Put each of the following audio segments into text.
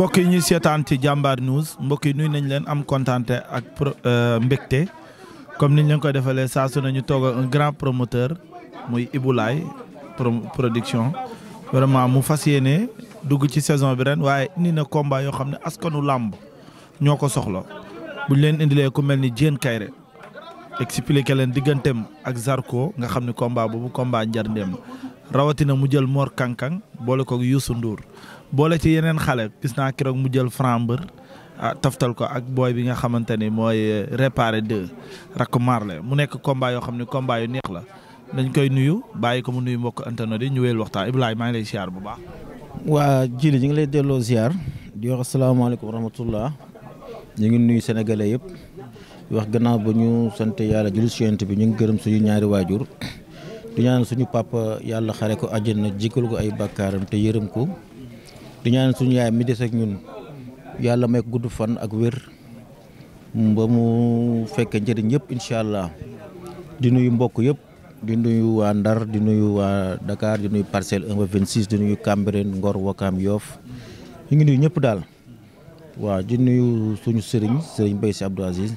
mbokk yi ñuy seetaan ci jàmbaar news mbokk yi nuy nañ leen am kontaante ak euh, mbégte comme niñ leen koy defalee saa nañu toog un grand promoteur muy Ibou Laye production vraiment mu fas yéene dugg ci saison bi ren waaye indi na combat yoo xam ne askanu làmb ñoo ko soxla buñ leen indilee ku mel ni Diène kayre expliqué leen digganteem ak Zarko nga xam ne combat boobu combat njarndeem rawatina mu jël Mor Kankang boole ko yuusu nduur boole ci yeneen xale gis naa keroog mu jël Frambeur ah, taftal ko ak booy bi nga xamante ni mooy eh, réparé deux rakk Marley mu nekk combat yoo xam ne combat yu neex la dañ koy nuyu bàyyi ko mu nuyu mbokk internet yi ñu wéyal waxtaan Ibrahima maa ngi lay ziar bu baax. waa jili ñu ngi lay delloo ziar di wax asalaamaaleykum wa ñu ngi nuyu sénégalais yëpp wax gannaaw ba ñu sant yàlla julli si bi ñu ngi gërëm suñu ñaari waajur di ñaan suñu papa yàlla xare ko àjjana jikal ko ay bakkaaram te yërëm ko. di ñaan suñu yaay mi des ak ñun yàlla may gudd fan ak wér ba mu fekkee njëriñ yëpp incha allah di nuyu mbokk yëpp di nuyu waa ndar di nuyu waa dakar di nuyu parcel 1 ba 26 di nuyu cambérène ngor wakaam yof ñu ngi nuyu ñëpp daal waaw di nuyu suñu sëriñ sëriñ bay si abdou aziz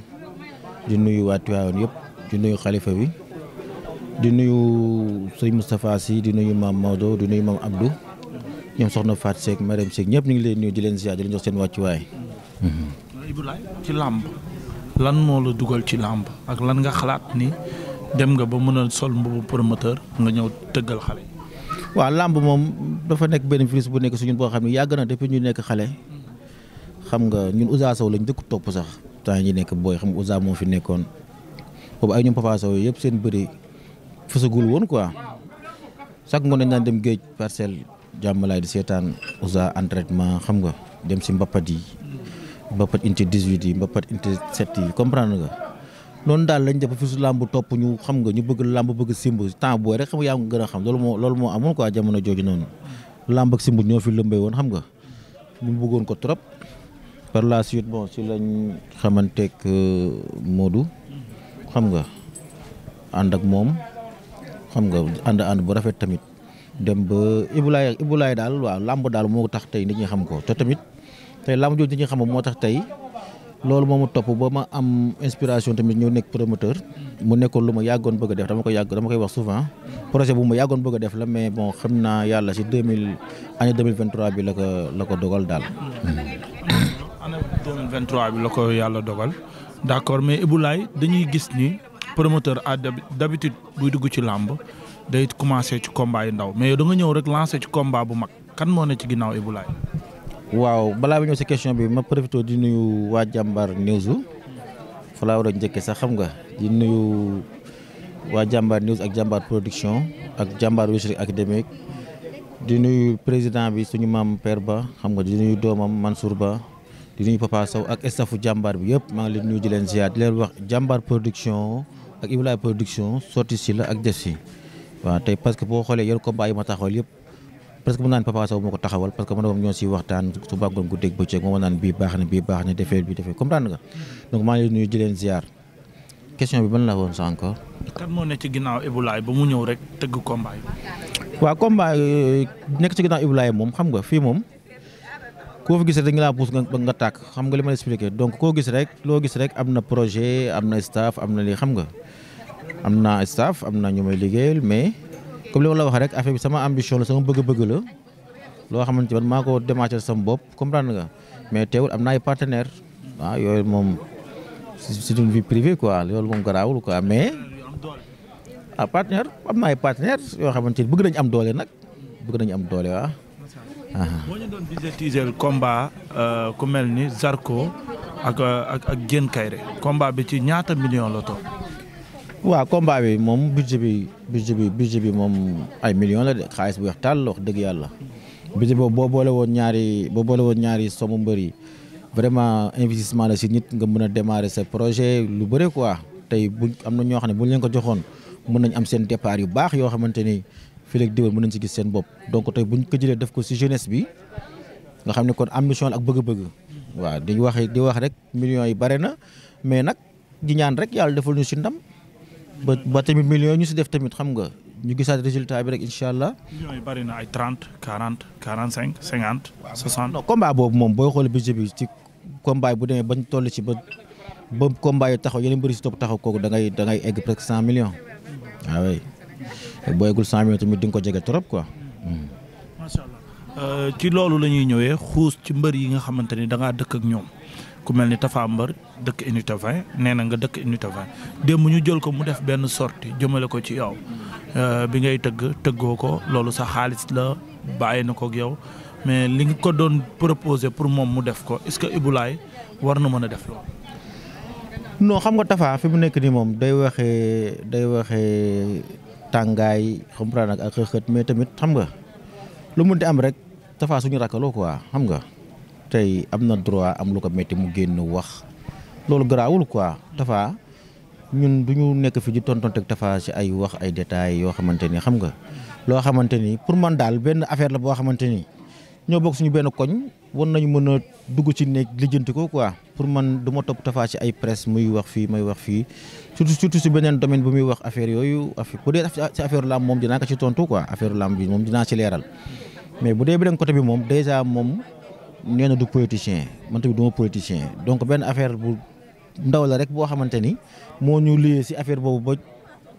di nuyu waa tuayon yëpp di nuyu xalifa bi di nuyu sëriñ moustapha si di nuyu maam maodo di nuyu maam abdou ñoom soxna Fatou seek Marème Seck ñëpp ñu ngi leen nuyu di leen ziar di leen jox seen wàccuwaay. Ibrahima ci làmb lan moo la dugal ci làmb ak lan nga xalaat ni dem nga ba mën a sol mbubu promoteur nga ñëw tëggal xale yi. waaw làmb moom dafa nekk benn frise bu nekk suñu boo xam ne yàgg na depuis ñu nekk xale. xam nga ñun Ousa Sow lañ dëkk topp sax temps yi nekk booy xam nga Ousa moo fi nekkoon boobu ay ñoom Papa Sow yëpp seen bëri fësagul woon quoi chaque ngoon nañ daan dem géej parcelle jàmmalaay di seetaan usa entraînement xam nga dem si mbappat yi mbappat unité 18 yi mbappat unité set yi comprendre nga noonu daal lañ def fi su làmb topp ñu xam nga ñu bëgg làmb bëgg simb temps booy rek xam nga yaa gën a xam loolu moo loolu moo amoon quoi jamono jooju noonu làmb ak simb ñoo fi lëmbee woon xam nga ñu bëggoon ko trop par la suite bon si lañ xamanteeg euh, Modou xam nga ànd ak moom xam nga ànd ànd bu rafet tamit dem ba ibulaay ibulaay daal waaw lamb daal moo tax tey nit ñi xam ko te tamit tey lamb jooju nit ñi xam tax ba ma am inspiration tamit ñëw nekk promoteur mu nekkoon lu ma yàggoon bëgg a def dama koy yàgg dama koy wax souvent projet bu ma yàggoon bëgg a def la mais bon xam naa yàlla si 2000 année 2023 bi la ko la ko dogal dal hmm. année 2023 bi la ko yàlla dogal d' accord mais Ibou Laye dañuy gis ni promoteur à d' buy dugg ci day commencé ci combat yu ndaw mais yow da ñëw rek lancé ci combat bu mag kan moo ne ci ginnaaw Ibou waaw balaa bu ñëw si question bi ma profité di nuyu waa jàmbaar news fa laa war njëkkee sax xam nga di nuyu waa jàmbaar news ak jàmbaar production ak jàmbaar wécherie académique di nuyu président bi suñu maam Père Ba xam di nuyu doomam Mansour Ba di nuyu Papa Sow ak staffu jàmbaar bi yëpp maa ngi leen nuyu di leen ziar di wax jàmbaar production ak Ibou production sotti la ak def si. waaw tey parce que boo xoolee yor combat yi ma taxawal yëpp parce que mën naan Papa Sow moo ko taxawal parce que man moom ñoo si waxtaan su bàggoon guddeeg bëccëg moom naan bii baax na bii baax na defee bii defee comprendre nga donc maa ngi nuyu sànq. moo ne ci ginnaaw Ibulaay ba mu ñëw rek tëgg combat yi. waaw combat euh, nekk ci ginnaaw Ibulaay moom xam nga fii moom koo fi gis rek dañu laa pousse nga nga tàkk xam nga li ma expliqué donc koo gis rek loo gis rek am na projet am na staff am na li xam nga. am naa staff am na ñu may liggéeyal mais comme li ma la wax rek affaire bi sama ambition la sama bëgg-bëgg la loo xamante man maa ko sama bopp comprendre nga mais teewul am na ay partenaires waaw ah, yooyu moom c'est une vie privée quoi loolu moom garaawul quoi mais ah partenaire am na ay partenaires yoo xamante ni bëgg nañu am doole nag bëgg nañu am doole waaw. Ah. boo ñu doon euh, ku mel ni Zarko ak ak ak Diène Kairé bi ci ñaata million la toll. waaw combat bi moom budget bi budget bi budget bi moom ay millions la de xaalis bu weex tàll wax dëgg yàlla budget boobu boo boole woon ñaari boo boole woon ñaari somme mbër yi vraiment investissement la si nit nga mën a démarrer sa projet lu bëre quoi tey bu am na ñoo xam ne buñ leen ko joxoon mën nañ am départ yu baax yoo xamante ni fii léegi diwén mën nañ si gis seen bopp donc tey buñ ko jëlee def ko si jeunesse bi nga xam ne kon ambition la ak bëgg-bëgg waaw di wax di wax rek millions yi bare na mais nag di ñaan rek yàlla defal ñu si ndam ba ba tamit millions ñu si def tamit xam nga ñu gisaat résultat bi rek incha allah. millions bari na ay trente quarante quarante cinq cinquante. soixante non combat boobu moom booy xool budget bi ci combat bu demee bañ toll ci ba ba combat taxaw yeneen mbir si topp taxaw kooku da ngay da ngay egg presque cent millions. waaw ah oui booyagul tamit di nga ko jege trop quoi. Hmm. macha allah euh, ci loolu la ñuy ñëwee xuus ci mbër yi nga xamante ni da ngaa dëkk ak ñoom. ku mel ni Tafa mbar dëkk unité 20 nee na nga dëkk unité 20 démb ñu jël ko mu def benn sortie jëmale ko ci yow euh, bi ngay tëgg tëggoo ko loolu sa xaalis la bàyyi na ko yow mais li nga ko doon proposé pour moom mu def ko est-ce que Ibou war na mën a def loolu. noo xam nga Tafa fi mu nekk nii moom day waxee day waxee tàngaay comprendre ak ak xëxët mais tamit xam nga lu munti am rek Tafa suñu ko quoi xam nga. tey am na droit am lu ko métti mu génn wax loolu garaawul quoi Tafa ñun du ñu nekk fi di tontonteeg Tafa ci ay wax ay détails yoo xamante ni xam nga loo xamante ni pour man daal benn affaire la boo xamante ni ñoo bokk suñu benn koñ war nañu mën a dugg ci néeg lijjanti ko quoi pour man du ma topp Tafa ci ay presse muy wax fii may wax fii surtout surtout si beneen domaine bu muy wax affaire yooyu affaire bu dee si affaire lamb moom dinaa ko ci tontu quoi affaire lamb bi moom dinaa leeral nee na du politicien man tamit du ma politicien donc benn affaire bu ndaw la rek boo xamante ni moo ñu liyee si affaire boobu ba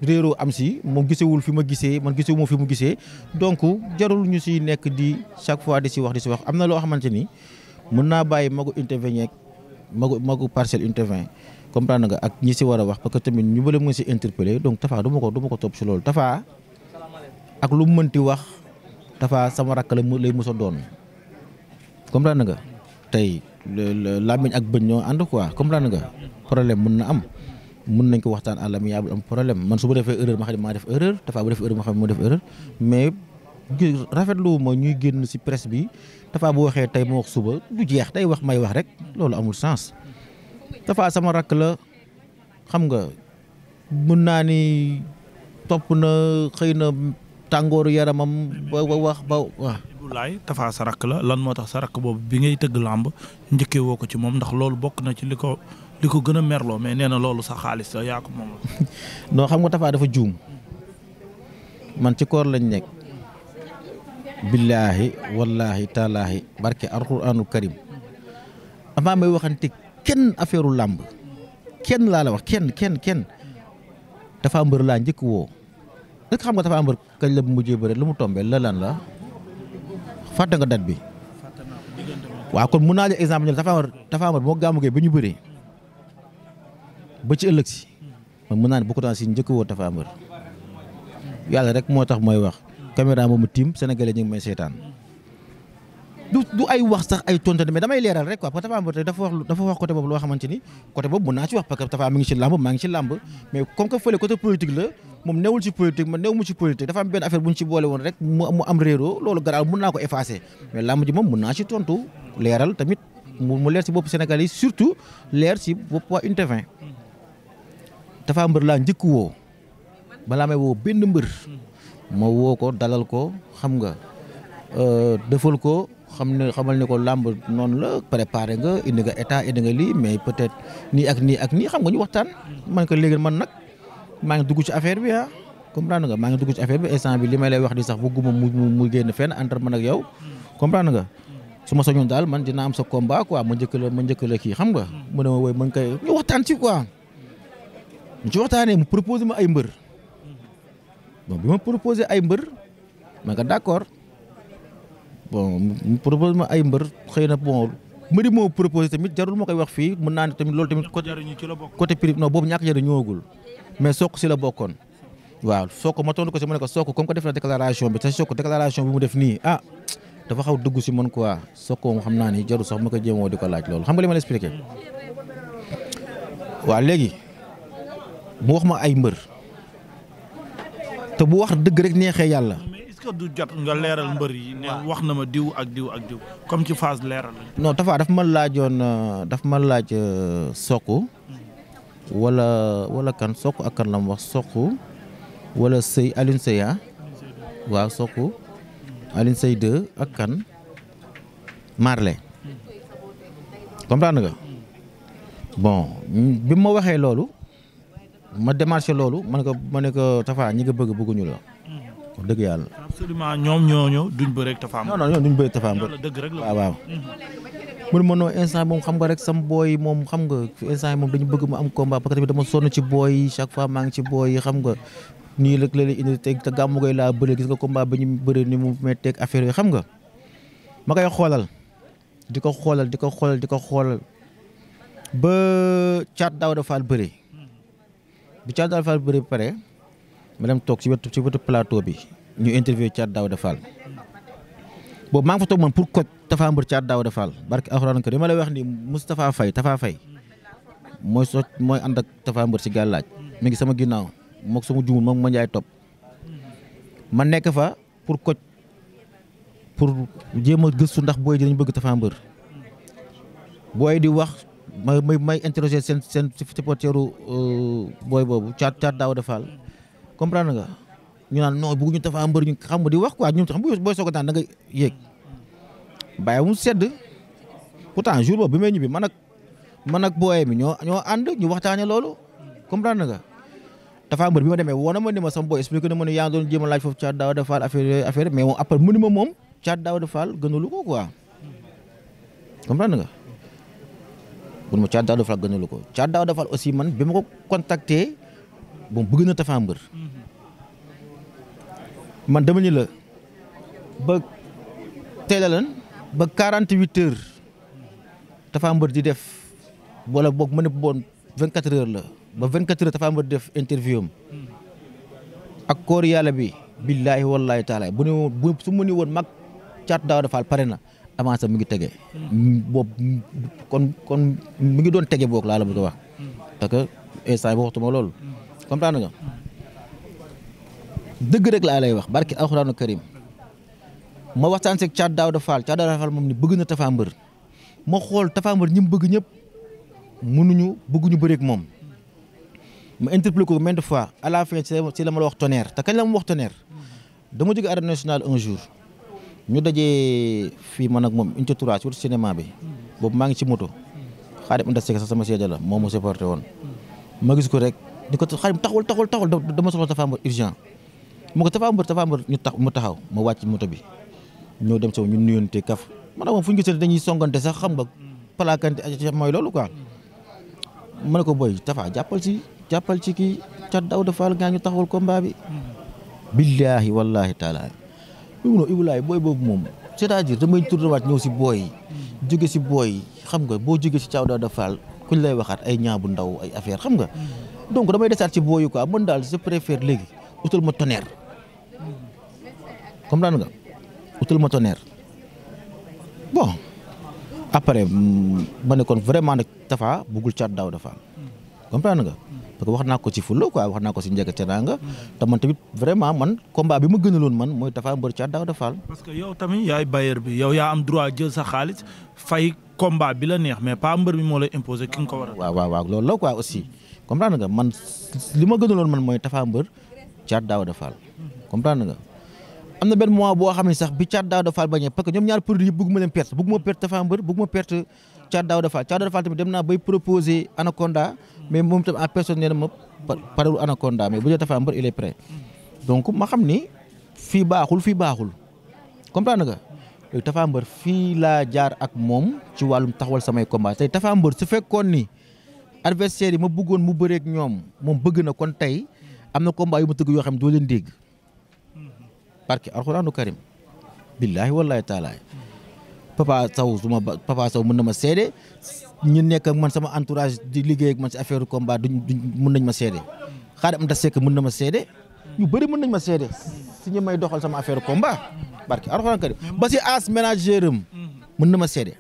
réeroo am si moom gisewul fi ma gisee man gisewu ma fi mu gisee donc jarul ñu si nekk di chaque fois di si wax di si wax am na loo xamante ni mën naa bàyyi magu intervenir magu magu parcelle intervenir comprendre nga ak ñi si war a wax parce que tamit ñu bële mu ngi si interpellé donc Tafa du ma ko duma ko topp si loolu Tafa ak lu mu mënti wax dafa sama rakk la lay mës a doon. comprendre nga tey làmmiñ ak bëñ ñoo ànd quoi comprendre nga problème mun na am mun nañ ko waxtaan à l'amiable am problème man su ma defee erreur ma xam ne maa def erreur dafa bu def erreur ma xam ne moo mais rafetlu ma ñuy génn ci presse bi dafa bu waxee tey ma wax suba du jeex day wax may wax rek loolu amul sens dafa sama rakk la xam nga mun naa ni topp na xëy na tàngooru yaramam ba wax ba waaw. Ibulaay sa rakk la lan moo tax sa rakk boobu bi ngay tëgg làmb njëkkee woo ko ci moom ndax loolu bokk na ci li ko li ko gën a merloo mais nee na loolu sa xaalis la yaa moom la. non xam nga Tafa dafa juum man ci koor lañ nekk. billaahi wallaahi taalaahi barke alquraanu karim avant may waxante kenn affaire làmb kenn laa la wax kenn kenn kenn dafa mbër laa njëkk woo. dëgg xam nga dafa am kañ la mujjee bëre lu mu tombé la lan la fàtte nga date bi. waaw kon mun naa la exemple ñu dafa am moo gàmmu gee ba ñu bëree ba ci ëllëg si man mën naa ne bokkut si njëkk woo dafa am yàlla rek moo tax mooy wax caméra moomu tiim sénégalais ñu ngi may seetaan. du du ay wax sax ay tontu mais damay leeral rek quoi parce que Tapha Mbeur dafa wax dafa wax côté boobu loo xamante ni côté boobu mën naa ci wax parce que Tapha ngi ci làmb maa ngi ci làmb mais comme que fële côté mu benn affaire bu ñu ci boole woon rek mu am réeroo loolu garaaw mën naa ko effacer mais ji moom mën naa ci tontu leeral tamit mu leer ci bopp Sénégal yi leer ci bopp waa Unité 20 Tapha laa njëkk woo balaa may woo benn mbër ma woo ko dalal ko xam nga euh, defal ko. xam ne xamal ne ko làmb noonu la préparé nga indi nga état indi nga lii mais peut-être nii ak nii ak nii xam nga ñu waxtaan. man ko léegi man nag maa ngi dugg ci affaire bi ah maa ngi dugg ci affaire bi instant bi li may lay wax di sax bëgguma mu mu génn fenn entre man ak yow. comprendre nga su ma soñoon daal man dina am sa combat quoi ma njëkk la ma njëkk la kii xam nga. mu a ma woy man kay ñu waxtaan ci quoi. ñu ci waxtaanee mu proposé ma ay mbër. bon bi ma proposé ay mbër ma nga bon mu propose ma ay mbër xëy na bon mbëri moo proposé tamit jarul ma koy wax fii mën naa ne tamit loolu tamit. côté côté prix non boobu ñàkk a ñëwagul mais sook si la bokkoon. waaw sook ma tontu ko si ma ko sook comme ko def na déclaration bi te sook déclaration bi nii ah dafa xaw dugg si man quoi sook moom xam naa ni jarul sax ma ko jéemoo di ko laaj loolu xam nga li ma la expliqué. léegi mu wax ma ay mbër te bu wax dëgg rek neexee yàlla. que du jot nga leeral mbër yi. ne wax na ma diw ak diw ak diw comme ci phase leeral. non Tafa daf ma laajoon euh, daf ma laaj euh, Sokh. wala wala kan Sokh ak kan la mu wax Sokh. wala Sey Alioune Seya. Ah? waaw Sokh Alioune Seye ak kan. Marley. comprendre nga. bon bi ma waxee loolu. ma démarché loolu ma ne ko ma ne ñi nga bëgg bëgguñu la. wax dëgg yàlla. absolument ñoom ñooñu duñ bëreeg Tapha Mbeur. non non ñoom duñ bëreeg Tapha mhm. ma non instant moom xam nga rek sam booy moom xam nga instant moom dañu bëgg mu am combat parce que tamit dama sonn ci booy chaque fois maa ngi ci booy xam nga nii la lay indi te te gàmmu laa bëre gis nga combat ba ñu bëre ni mu métteeg affaire yi xam nga. ma koy xoolal di ko xoolal di ko xoolal di ko xoolal ba caat daaw dafaal bëre bu caat daaw dafaal bëre ba pare. malam dem toog ci wetu ci wetu plateau bi ñu interview chat Daouda Fall boobu maa ngi fa toog man pour ko Tapha Mbeur Thiat Daouda Fall barke alxuraan ko dama lay wax ni Moustapha Faye tafa Faye mooy so mooy ànd ak Tapha Mbeur ci gàllaaj mi ngi sama ginnaaw mook sama jumul moom ma njaay top ma nekk fa pour ko pour jéem a gëstu ndax booy dinañ bëgg Tapha Mbeur booy di wax may may may interroger seen seen supporteru chat euh, boobu Thiat Thiat Daouda Fall comprendre nga ñu naan non bëgguñu Tapha Mbeur ñu xam di wax quoi ñun xam bu booy soog a daan da nga yéeg bàyyi mu sedd pourtant jour boobu bi may ñibbi man ak man ak booyee mi ñoo ñoo ànd ñu waxtaanee loolu comprendre nga Tapha Mbeur bi ma demee woon na ma ni ma sama booy expliqué na ma ne yaa doon jéem a laaj foofu Thiat Daouda Fall affaire affaire mais moom après mënu ma moom Thiat Daouda Fall gënalu ko quoi comprendre nga gënalu ko aussi man bi ko moom bëgg na Tapha Mbeur man dama ni la ba teel a lan ba quarante huit di def wala boog ma ne boon vingt quatre la ba vingt quatre heures Tapha Mbeur di def interview ak koor yàlla bi billaahi wallaahi taala bu ne woon su mu ne woon mag caat daaw dafaal pare na avance mi ngi tege. boobu kon kon ngi doon tege boog laa la bëgg a wax. parce que instant bi comprendre nga dëgg rek la lay wax barki alxuraanu karim ma waxtaan seeg Thiat Daouda Fall Thiat Daouda Fall moom ni bëgg na Tapha Mbeur ma xool Tapha Mbeur ñi bëgg ñëpp mënuñu bëgguñu bëreeg moom ma interpellé ko maintes fois à la fin ci la ma la wax tonnerre te kañ la ma ñu dajee fii man ak moom unité 3 sur cinéma bi boobu maa ngi ci moto xaaral ma des ci sax sama seede la moom mu supporté woon ma gis ko rek. ni ko xarim taxawal taxawal taxawal dama soxla Tapha Mbeur urgent mu ko Tapha Mbeur Tapha Mbeur ñu tax ma taxaw ma wàcc moto bi ñoo dem sama ñu nuyonte kaf man moom fu ñu gisee dañuy songante sax xam nga palakante mooy loolu quoi ma ne ko boy Tapha jàppal si jàppal ci kii ca Daouda Fall nga ñu taxawal combat bi billaahi wallaahi taala iwuno ibulaay booy boobu moom c'est-à-dire damay tourné waat ñëw si booy jóge si booy xam nga boo jóge si caaw da Fall kuñ lay waxaat ay ñaabu ndaw ay affaire xam nga donc damay desaat ci booyu quoi man daal je préfère léegi utal ma tonnerre comme daan nga utal ma tonnerre bon après mm, ma ne kon vraiment nag Tafa bëggul caat daaw dafa comprendre nga parce que wax naa ko ci fulla quoi wax na ko ci njëkk ca nga te man tamit vraiment man combat bi ma gënaloon man mooy Tapha Mbeur Thiat Daouda Fall. parce que yow tamit yaay bailleur bi yow ya am droit jël sa xaalis fay combat bi la neex mais pas mbër bi moo lay imposer ki nga a. waaw waaw waaw loolu la quoi aussi comprendre nga man li ma gënaloon man mooy Tapha Mbeur Thiat Daouda Fall comprendre nga am na benn mois boo xam ne sax bi Thiat Daouda Fall bañee parce que ñoom ñaar produit yëpp bëgguma leen perte bëgguma perte Tapha Mbeur perte Thiat Daouda Fall Thiat Daouda Fall tamit dem naa bay proposer Anaconda mais moom tam à personne nee na ma parewul Anaconda mais bu dee Tapha Mbeur il est donc ma xam ni fii baaxul fii baaxul comprendre nga léegi Tapha fii laa jaar ak moom ci wàllum taxawal samay combat tey Tapha Mbeur ni adversaire yi ma bëggoon mu bëreek ñoom moom bëgg na kon tey am na combat yu ma tëgg yoo xam ne doo leen dégg barke alxuraanu karim billaahi wallaahi taalaay papa saw su ma papa saw mën na ma seede ñu nekk ak man sama entourage di liggéey ak man si affaire combat duñ duñ mën nañ ma seede xaaral am da sekk mën na ma seede ñu bëri mën nañ ma seede si ñu may doxal sama affaire combat barke alxuraan karim ba si as ménagère na ma seede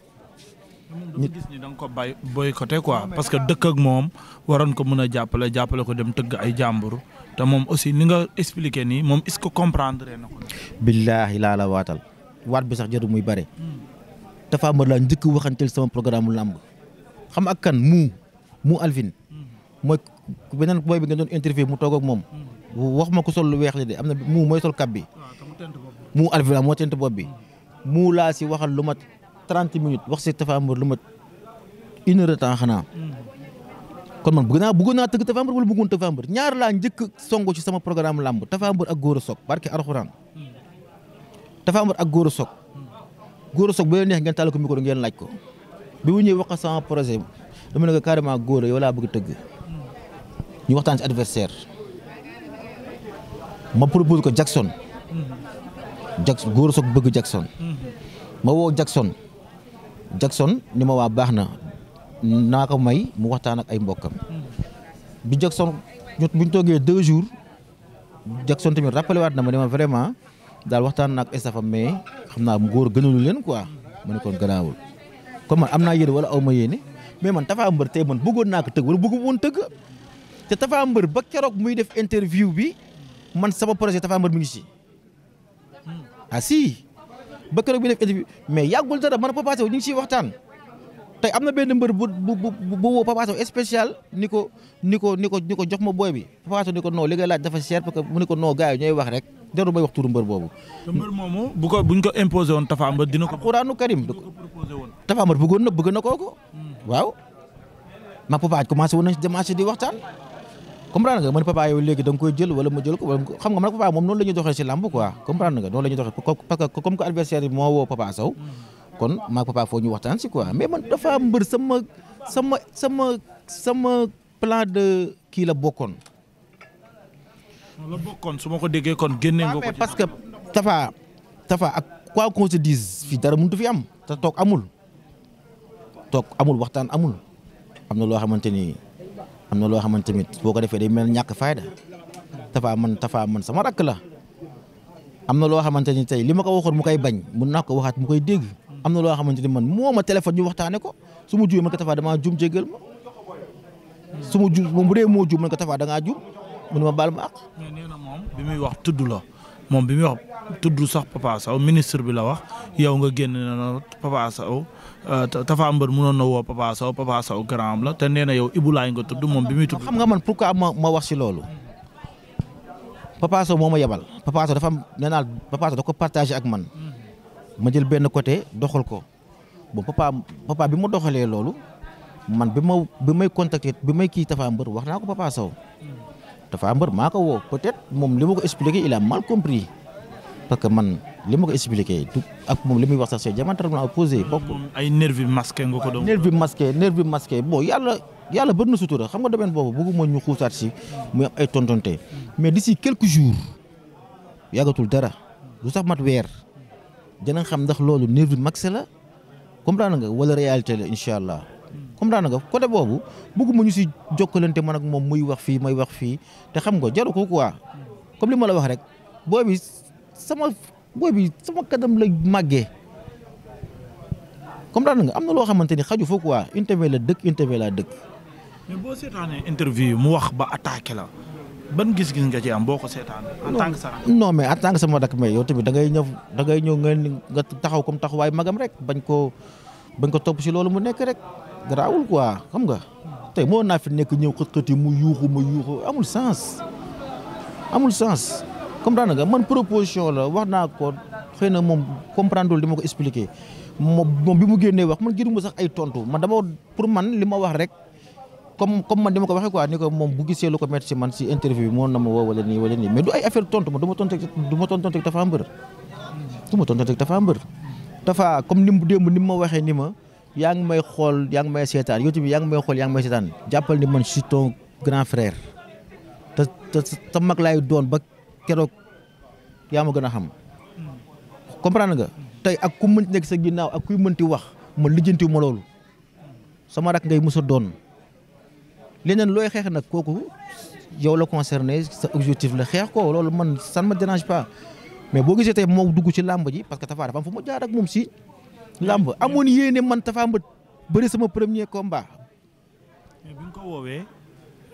nit gis ni da nga ko bay boycotté quoi parce que dëkk ak moom waroon ko mën a jàppale jàppale ko dem tëgg ay jàmbur te moom aussi li nga expliqué nii moom est-ce que comprendre na ko. billaahi laa la waatal waat bi sax jarul muy hmm. njëkk waxanteel sama programme làmb xam ak kan mu mu Alvin. Hmm. mooy beneen booy bi nga doon interview mu toog moom. Hmm. wax ma ko sol lu weex li de am na mu mooy sol kab bi. mu Alvin moo tent bopp bi. mu laa si waxal lu mat 30 minutes wax si Tapha Mbeur lu mat une xanaa. kon man bëgg naa bëggoon naa tëgg Tapha Mbeur wala bëggoon Tapha Mbeur ñaar laa njëkk songo ci sama programme làmb Tapha Mbeur ak Gora Sock barke Alxuraan. Tapha Mbeur ak Gora Sock. Gora Sock bu leen neex ngeen tàll ko micro ngeen laaj ko bi mu ñëwee wax ko sama projet dama ne ko waxtaan ci adversaire ma propose ko Jackson. Jackson Gora Sock bëgg Jackson. ma woo Jackson. Jackson ni ma waa baax na naa ko may mu waxtaan ak ay mbokkam bi Jackson buñ toogee deux jours Jackson tamit rappelé waat na ma ne ma vraiment daal waxtaan na ak estafam mais xam naa góor gënalu leen quoi ma ne kon gënaawul kon man am naa yéene wala aw ma yéene mais man Tapha Mbeur tey man bëggoon naa ko tëgg wala bëggu woon tëgg te Tapha Mbeur ba keroog muy def interview bi man sama projet Tapha Mbeur mu ngi ah si ba keroog bi def mais yàggul dara man Papa Sow ñu ngi ciy waxtaan tey am na benn mbër bu bu bu woo Papa Sow spécial ni ko ni ko ni ko ko jox ma booy bi Papa ko non li ngay laaj dafa cher parce que mu ni ko non gars yi ñooy bu ko buñ woon Tafa dina ko. Alxuraanu Karim Tafa Mbër bëggoon na bëgg na kooku hmm. waaw ma Papa commencé woon nañ si démarche di waxtaan. comprendre nga man papa yow léegi da koy jël wala ma jël ko wala xam nga man papa moom noonu la ñuy doxee si làmb quoi comprendre nga noonu la ñuy doxee parce que comme que adversaire bi moo woo papa Sow kon maag papa foo waxtaan si quoi mais man dafa mbër sama sama sama sama plan de kii la bokkoon. la bokkoon su ma ko déggee kon génne nga parce que Tafa Tafa ak quoi qu'on dise fii dara mënut fi am te toog amul toog amul waxtaan amul am na loo xamante ni am na loo xamante tamit boo ko defee day mel ñàkk fayda tafaa man tafaa man sama rakk la am na loo xamante ni tey li ma ko waxoon mu koy bañ mun naa ko waxaat mu koy dégg am na loo xamante ni man moo ma téléphone ñu waxtaane ko su ma juumee man ko tafaa damaa juum jéggal ma su ma bu dee moo juum man ko tafaa da juum mu ma baal ma àq. mais muy wax tudd la. moom bi muy wax tudd sax Papa ministre bi la wax yow nga génn na Papa Sow euh, Tafa Mbër mënoon na woo Papa Sow Papa Sow la te nee na yow Ibou Laye nga tudd moom bi muy tudd. xam nga man pourquoi ma ma wax si loolu moo ma yebal Papa dafa am nee naa Papa ko partagé ak man jël benn côté doxal ko bon papa papa bi mu doxalee loolu man bi ma bi may contacté bi may kii Tafa Mbër wax naa ko Papa Tapha Mbeur maa ko woo peut moom li ma ko expliqué il mal compris parce que man li ma ko expliqué du ak moom li muy wax sax c'est diamétralement opposé bokkul. ay nervi masqué nga ko doon. nervi masqué nervi masqué bon yàlla yàlla bëri na sutura xam nga domaine boobu bëgguma ñu xuusaat si muy am ay tontonte mais d'ici quelques jours yàggatul dara lu sax mat weer dinañ xam ndax loolu nervi max la comprendre nga wala réalité la incha allah. comprendre nga côté boobu bëgguma ñu si jokkalante man ak moom muy wax fii may wax fii te xam nga jaru ko quoi comme li ma la wax rek booy bi sama booy bi sama kanam la màggee comprendre nga am na loo xamante ni xaju foo quoi interview la dëkk interview laa dëkk. mais boo seetaanee mu wax ba attaqué la. ban gis-gis nga ci am boo ko seetaan en tant que sa non mais en tant que sama rak mais yow tamit da ngay ñëw nga taxaw comme taxawaay magam rek bañ ko topp si loolu mu nekk rek garaawul quoi xam nga tey moo naa fi nekk ñëw xët-xët mu yuuxu ma yuuxu amul sens amul sens comprendre nga man proposition la wax naa ko xëy na moom comprendre li ma ko expliqué moom bi mu génnee wax man giruma sax ay tontu ma dama pour man li ma wax rek comme comme man dama ko waxee quoi ni ko moom bu gisee lu ko métti si man si interview bi moon na ma woo wala nii wala nii mais du ay affaire tontu ma du ma tontu du ma tontu teg Tapha Mbeur du ma tontu teg Tapha Mbeur comme ni mu démb ni ma waxee ni ma yaa ngi may xool yaa ngi may seetaan YouTube may xool yaa ngi may seetaan jàppal ni man je suis ton grand frère te te mag laay doon ba keroog yaa ma gën a xam comprendre nga tey ak ku mënti nekk sa ginnaaw ak kuy mënti wax ma lijjanti ma loolu sama rak ngay mos doon leneen looy xeex nag kooku yow la concerné sa objectif la xeex ko loolu man ça ne me dérange pas mais boo gisee tey moo dugg ci làmb ji parce que Tapha dafa ma fu mu jaar ak moom si. làmb amoon yéene man Tapha Mbeur bëri sama premier combat. mais bi nga ko woowee.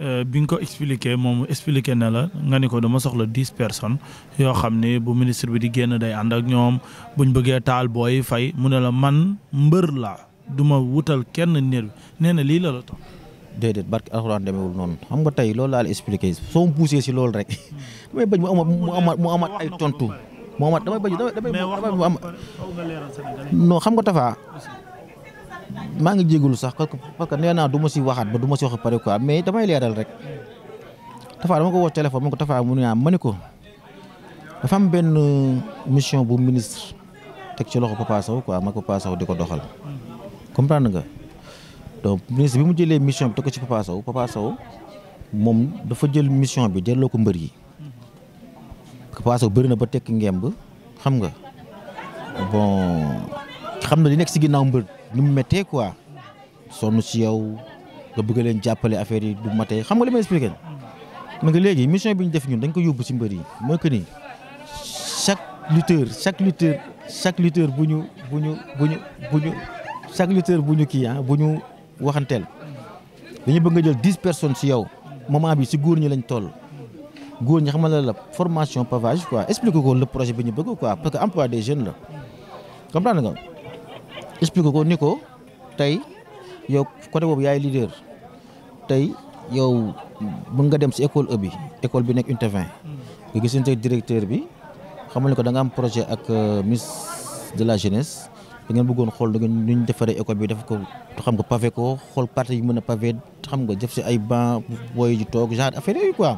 Euh, bi nga ko expliqué moom expliqué na la nga ni ko dama soxla dix personnes yoo xam ne bu ministre bi di génn day ànd ak ñoom buñ bëggee taal booy fay mu ne la man mbër laa duma wutal kenn nervi nee na lii la la toog. déedéet barke alxuraan demewul noonu xam nga tey loolu laa la expliqué soo mu poussé si loolu rek damay mu amat mu amat ay tontu. moo mat damay bañ damay damay bu am. non xam nga Tafa. maa ngi jégalu sax parce que que nee naa du ma si waxaat ba du si wax pare quoi mais damay leeral rek. Tafa dama ko woo téléphone ma ko Tafa mu ah, ma ne dafa am benn mission bu ministre teg ci loxo Papa Sow ma ko Papa ko doxal. comprendre nga donc ministre bi mu jëlee mission bi teg ko ci Papa Sow Papa moom dafa jël mission bi delloo ko mbër yi. Papa Sow bëri na ba tekki ngemb xam nga bon xam na li nekk si ginnaaw mbër ni mu méttee quoi sonn si yow nga bëgg leen jàppale affaire yi du matee xam nga li may expliqué ma nga léegi mission bi ñu def ñun dañ ko yóbbu si mbër yi mooy que ni chaque lutteur chaque lutteur chaque lutteur bu ñu bu ñu bu ñu bu ñu chaque lutteur bu ñu kii ah bu ñu waxanteel dañu bëgg nga jël dix personnes si yow moment bi si góor ñi lañ toll. góor ñi xamal la formation pavage quoi explique ko le projet bi ñu bëgg quoi parce que emploi des jeunes la comprendre nga explique tey yow côté boobu yaay leader tey yow mën nga dem si école E bi école bi nekk unité 20 nga gisante directeur bi xamal ni ko danga am projet ak euh, ministre de la jeunesse da ngeen bëggoon xool nu ñu defaree école bi def ko xam ga pavé ko xool parti yu mën a pavé xam ga def si ay banc booy ji toog genre affaire yooyu quoi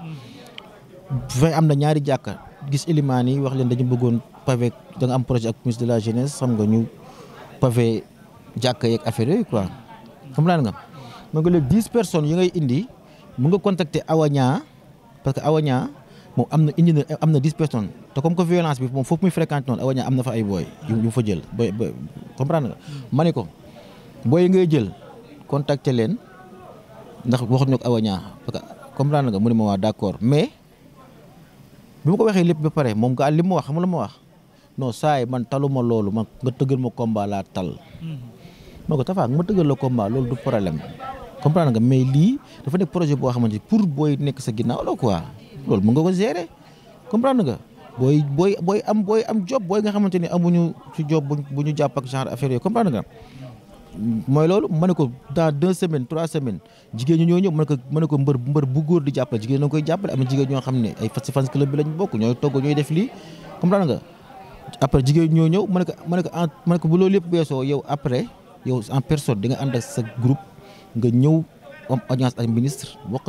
fay am na ñaari jàkka gis élimaan yi wax leen dañu bëggoon pavé da nga am projet ak ministre de la jeunesse xam nga ñu pavé jàkka yeeg affaire yooyu quoi xam laan nga mu nga léegi dix personnes yi ngay indi mu nga contacter awaña parce que awaña moom am na indi na am na dix personnes te comme que violence bi moom foofu muy fréquente am na fa ay booy yu fa jël ba comprendre nga hmm. ma ne ko booy ngay jël contacter leen ndax waxuñu ko awaña parce que comprendre nga mu ne ma waa d'accord mais bi ma ko waxee lépp ba pare moom gaa li ma wax xam la ma wax non saay man taluma loolu man nga tëggal ma combat laa tal. Mm-hmm. ma ko tafaa nga ma tëggal la combat loolu du problème comprendre nga may lii dafa nekk projet boo xamante pour booy nekk sa ginnaaw la quoi loolu mën nga ko gérer comprendre nga. booy booy booy am booy am job booy nga xamante ni amuñu ci job bu ñu jàpp ak genre affaire yooyu comprendre nga. mooy loolu ma ne ko dans deux semaines trois semaines jigéen ñi ñoo ñëw ma ne ko ma ne ko mbër di jàppale jigéen ñi koy jàppale am jigéen ñoo xam ne ay fans fans club bi bokk ñooy togg ñooy def lii comprendre nga ñoo ñëw ma ma ne ko en ma ne ko bu loolu di nga ànd ak sa groupe nga ñëw am audience ak ministre wax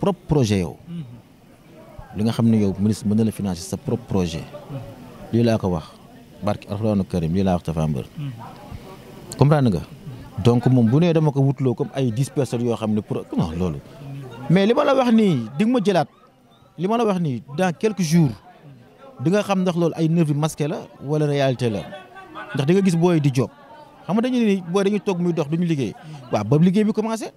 ko projet yow. Mm-hmm. li nga xam ne yow ministre mën na la financer sa propre projet. Mm-hmm. lii laa ko wax barki alxuraanu karim lii laa wax Tapha Mbeur mm-hmm. donc mom bu né dama ko wutlo comme ay dix personnes yoo xam pour non lolu mais lima la wax ni di ma jëlaat lima la wax ni dans quelques jours di nga xam ndax lolu ay nervi masqué la wala réalité la ndax di nga gis boy di job xam nga dañu ni boy dañu tok muy dox duñu liggéey wa ba liggéey bi commencé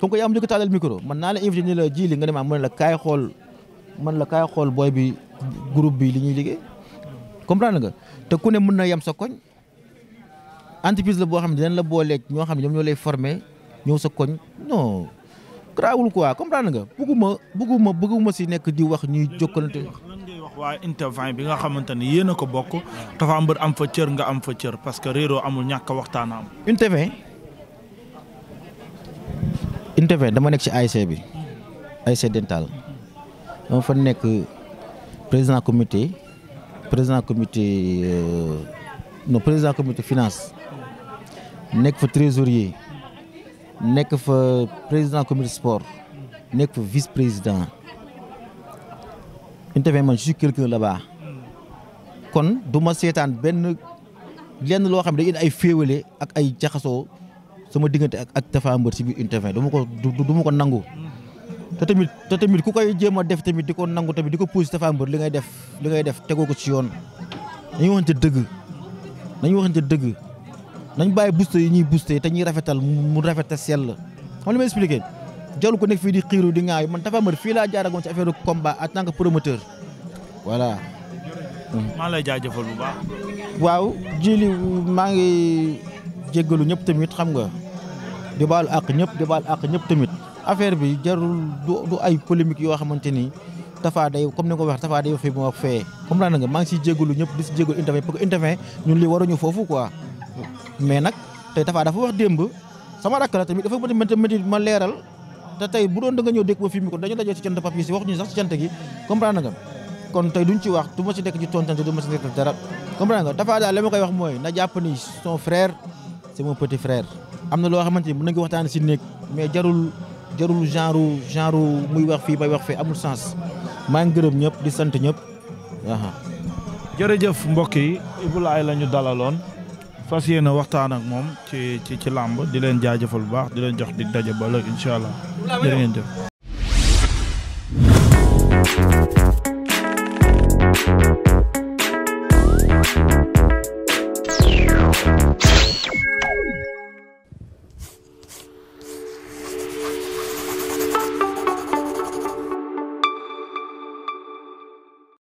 comme ko yaa am li taalal micro man na la invité ni la jili nga ne ma mën la kay xol man la kay xol boy bi groupe bi li ñuy liggéey comprendre nga te ku ne mën na yem sa koñ entreprise la boo xam ne dinañ la booleeg ñoo xam ne ñoom ñoo lay former ñëw sa koñ non garaawul quoi comprendre nga bëgguma bëgguma si nekk di wax ñuy jokkalante. waa intervent bi nga xamante ni yéen a ko bokk Tapha Mbeur am fa nga am fa parce que réeroo amul ñàkk waxtaan am. intervent intervent dama nekk ci ASC bi ASC dental moo fa nekk président comité président comité euh, non président comité finance nek fa trésorier nek fa président comité sport nek fa vice président je suis quelqu'un là-bas kon sétane ben lenn xam ay ak ay sama digënté ak ak Je Mbeur une ko ko nangu tamit tamit ku koy jëma def tamit diko nangu tamit diko pousse li ngay def li ngay def ci yoon dañu dëgg dañu dëgg nañ bàyyi booster yi ñuy booster te ñuy rafetal mu rafetal sell xam li may expliqué jarul ko nekk fii di xiiru di ŋaayu man Tapha Mbeur fii laa jaaragoon ci affaire combat en tant que promoteur voilà. maa lay jaajëfal bu baax. waaw jili maa ngi jéggalu ñëpp tamit xam nga di baal àq ñëpp di baal àq ñëpp tamit affaire bi jarul du ay polémique yoo xamante ni Tapha day comme ni nga ko waxee Tapha day fi mu ma fee. comprendre nga maa ngi siy jéggalu ñëpp di si jéggalu interview parce que interview ñun li foofu quoi. mais nag tey dafa dafa wax démb sama rakk la tamit dafa mën ma leeral te tey bu doon da nga ñëw dégg ba fi mu kon dañu dajoo ci cant papier si waxuñu sax ci cant gi comprendre nga kon tey duñu ci wax du ma ci nekk ci tontante du ma ci nekk dara comprendre nga Tapha daal li ma koy wax mooy na jàpp ni son frère c'est mon petit frère am na loo xamante ni mën nañ ko waxtaan si néeg mais jarul jarul genre genre muy wax fii bay wax fii amul sens maa ngi gërëm ñëpp di sant ñëpp jërëjëf mbokk yi Ibou Laye la ñu dalaloon fas yéene waxtaan ak moom ci ci ci làmb di leen jaajëfal bu baax di leen jox di daje ba ëllëg incha allah jërë ngeen jëf